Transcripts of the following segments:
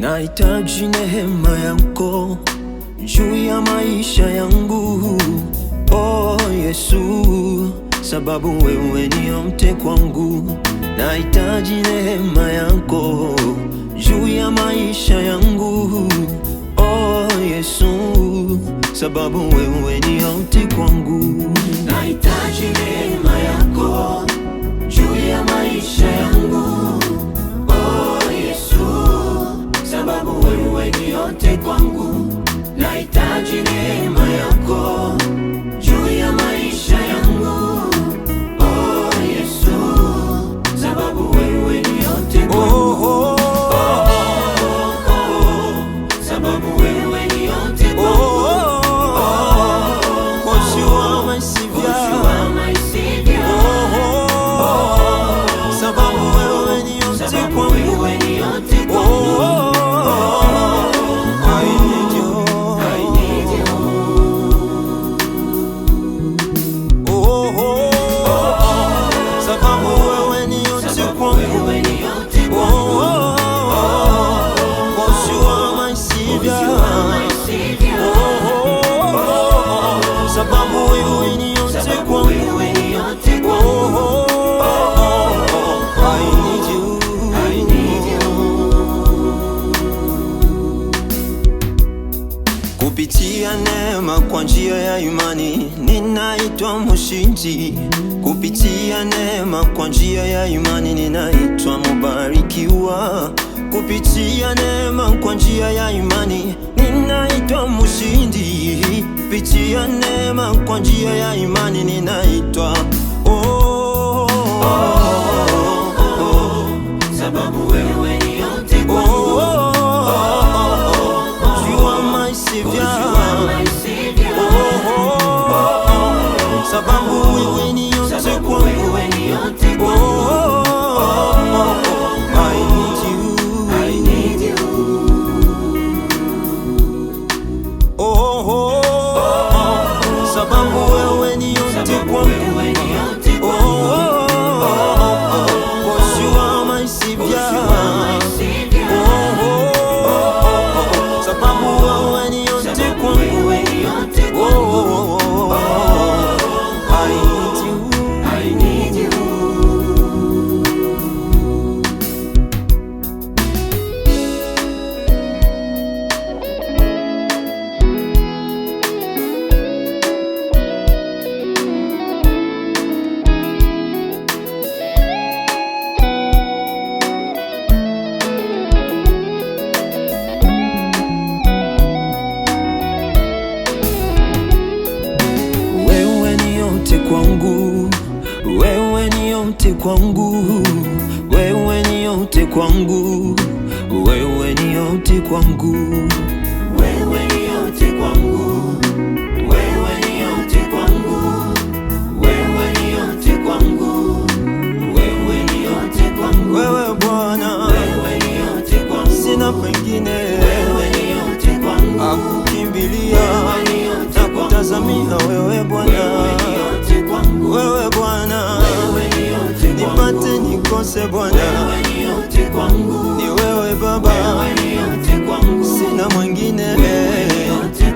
Nahitaji neema yako juu ya maisha yangu, oh Yesu, sababu wewe ni yote kwangu. Nahitaji neema yako juu ya maisha yangu, oh Yesu, sababu wewe ni yote kwangu. Nahitaji neema vai tá de Kupitia neema kwa njia ya imani ninaitwa mshindi. Kupitia neema kwa njia ya imani ninaitwa mubarikiwa Kupitia neema kwa njia ya imani mshindi, pitia neema kwa njia ya imani ninaitwa yote kwangu, wewe ni yote kwangu, wewe ni yote kwangu, wewe ni yote kwangu, wewe ni yote kwangu, wewe ni yote kwangu, Bwana, sina pengine, wewe Bwana nikose Bwana, ni wewe Baba, sina mwingine,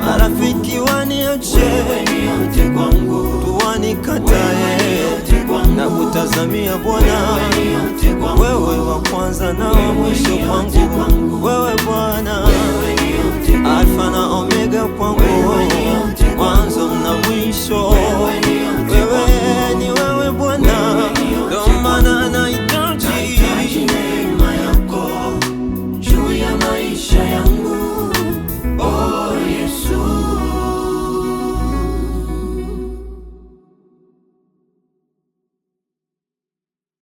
marafiki wanioche, katae na kutazamia Bwana, wewe wa kwanza na wa mwisho kwangu